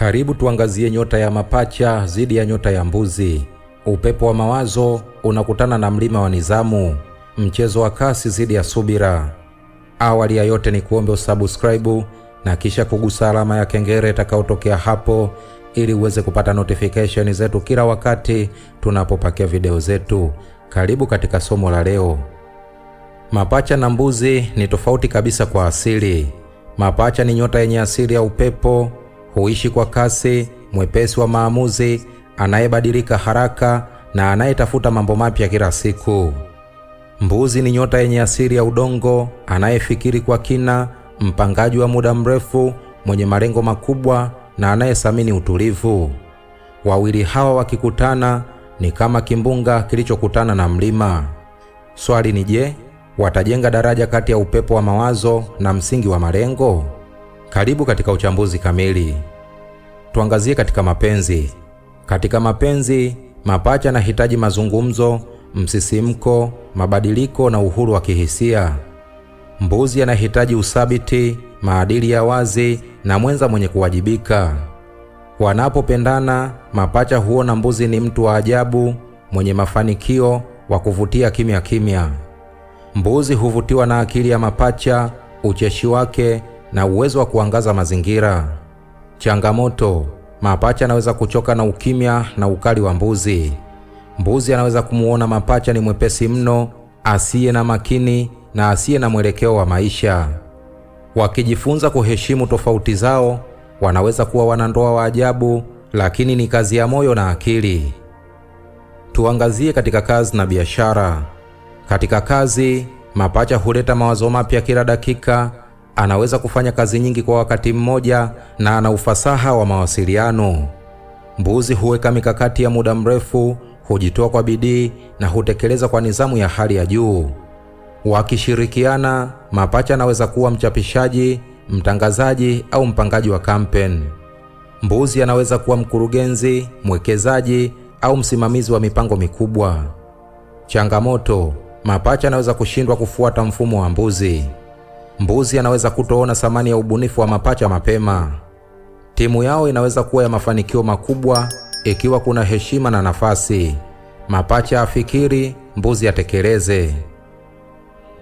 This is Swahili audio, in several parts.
Karibu tuangazie nyota ya mapacha dhidi ya nyota ya mbuzi. Upepo wa mawazo unakutana na mlima wa nizamu, mchezo wa kasi dhidi ya subira. Awali ya yote ni kuombe usubscribe na kisha kugusa alama ya kengele itakayotokea hapo ili uweze kupata notification zetu kila wakati tunapopakia video zetu. Karibu katika somo la leo. Mapacha na mbuzi ni tofauti kabisa kwa asili. Mapacha ni nyota yenye asili ya upepo huishi kwa kasi, mwepesi wa maamuzi, anayebadilika haraka na anayetafuta mambo mapya kila siku. Mbuzi ni nyota yenye asili ya udongo, anayefikiri kwa kina, mpangaji wa muda mrefu, mwenye malengo makubwa na anayethamini utulivu. Wawili hawa wakikutana ni kama kimbunga kilichokutana na mlima. Swali ni je, watajenga daraja kati ya upepo wa mawazo na msingi wa malengo? Karibu katika uchambuzi kamili. Tuangazie katika mapenzi. Katika mapenzi, mapacha anahitaji mazungumzo, msisimko, mabadiliko na uhuru wa kihisia. Mbuzi anahitaji uthabiti, maadili ya wazi na mwenza mwenye kuwajibika. Wanapopendana, mapacha huona mbuzi ni mtu wa ajabu, mwenye mafanikio, wa kuvutia kimya kimya. Mbuzi huvutiwa na akili ya mapacha, ucheshi wake na uwezo wa kuangaza mazingira. Changamoto: mapacha anaweza kuchoka na ukimya na ukali wa mbuzi. Mbuzi anaweza kumuona mapacha ni mwepesi mno, asiye na makini na asiye na mwelekeo wa maisha. Wakijifunza kuheshimu tofauti zao, wanaweza kuwa wanandoa wa ajabu, lakini ni kazi ya moyo na akili. Tuangazie katika kazi na biashara. Katika kazi, mapacha huleta mawazo mapya kila dakika anaweza kufanya kazi nyingi kwa wakati mmoja na ana ufasaha wa mawasiliano. Mbuzi huweka mikakati ya muda mrefu, hujitoa kwa bidii na hutekeleza kwa nidhamu ya hali ya juu. Wakishirikiana, mapacha anaweza kuwa mchapishaji, mtangazaji au mpangaji wa kampeni. Mbuzi anaweza kuwa mkurugenzi, mwekezaji au msimamizi wa mipango mikubwa. Changamoto: mapacha anaweza kushindwa kufuata mfumo wa mbuzi. Mbuzi anaweza kutoona thamani ya ubunifu wa mapacha mapema. Timu yao inaweza kuwa ya mafanikio makubwa ikiwa kuna heshima na nafasi. Mapacha afikiri, mbuzi atekeleze.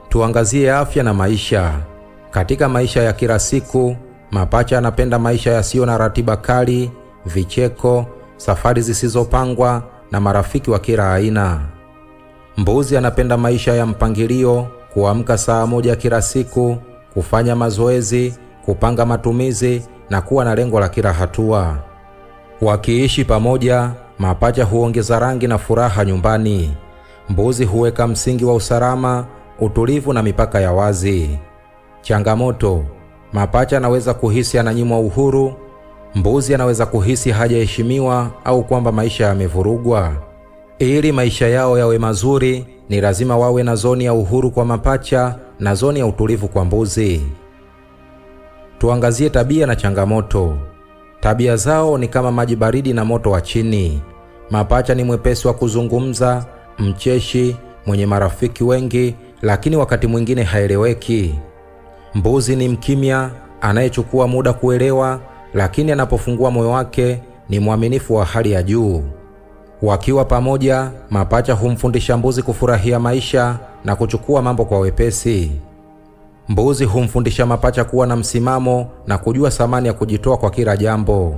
Tuangazie afya na maisha. Katika maisha ya kila siku, mapacha anapenda maisha yasiyo na ratiba kali, vicheko, safari zisizopangwa na marafiki wa kila aina. Mbuzi anapenda maisha ya mpangilio, kuamka saa moja kila siku, kufanya mazoezi, kupanga matumizi na kuwa na lengo la kila hatua. Wakiishi pamoja, mapacha huongeza rangi na furaha nyumbani. Mbuzi huweka msingi wa usalama, utulivu na mipaka ya wazi. Changamoto: mapacha anaweza kuhisi ananyimwa uhuru, mbuzi anaweza kuhisi hajaheshimiwa au kwamba maisha yamevurugwa. Ili maisha yao yawe mazuri, ni lazima wawe na zoni ya uhuru kwa mapacha na zoni ya utulivu kwa mbuzi. Tuangazie tabia na changamoto. Tabia zao ni kama maji baridi na moto wa chini. Mapacha ni mwepesi wa kuzungumza, mcheshi, mwenye marafiki wengi, lakini wakati mwingine haeleweki. Mbuzi ni mkimya, anayechukua muda kuelewa, lakini anapofungua moyo wake ni mwaminifu wa hali ya juu. Wakiwa pamoja, mapacha humfundisha mbuzi kufurahia maisha na kuchukua mambo kwa wepesi. Mbuzi humfundisha mapacha kuwa na msimamo na kujua thamani ya kujitoa kwa kila jambo.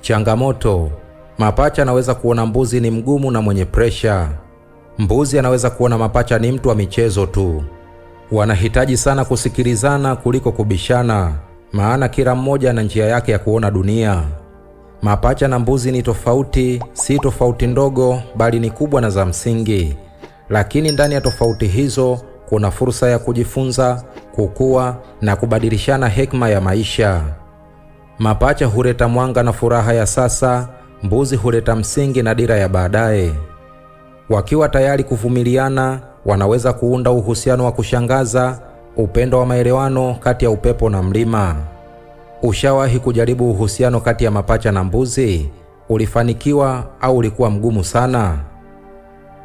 Changamoto: mapacha anaweza kuona mbuzi ni mgumu na mwenye presha. Mbuzi anaweza kuona mapacha ni mtu wa michezo tu. Wanahitaji sana kusikilizana kuliko kubishana, maana kila mmoja ana njia yake ya kuona dunia. Mapacha na mbuzi ni tofauti, si tofauti ndogo, bali ni kubwa na za msingi. Lakini ndani ya tofauti hizo kuna fursa ya kujifunza, kukua na kubadilishana hekima ya maisha. Mapacha huleta mwanga na furaha ya sasa, mbuzi huleta msingi na dira ya baadaye. Wakiwa tayari kuvumiliana, wanaweza kuunda uhusiano wa kushangaza, upendo wa maelewano kati ya upepo na mlima. Ushawahi kujaribu uhusiano kati ya mapacha na mbuzi? Ulifanikiwa au ulikuwa mgumu sana?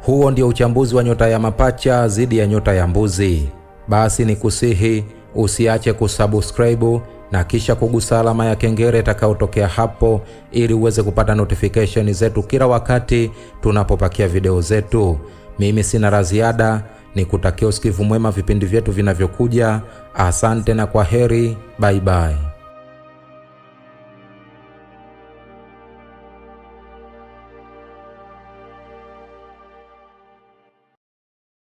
Huo ndio uchambuzi wa nyota ya mapacha dhidi ya nyota ya mbuzi. Basi nikusihi usiache kusubscribe na kisha kugusa alama ya kengele itakayotokea hapo ili uweze kupata notification zetu kila wakati tunapopakia video zetu. Mimi sina la ziada, kutakia usikivu mwema vipindi vyetu vinavyokuja. Asante na kwa heri, bye bye.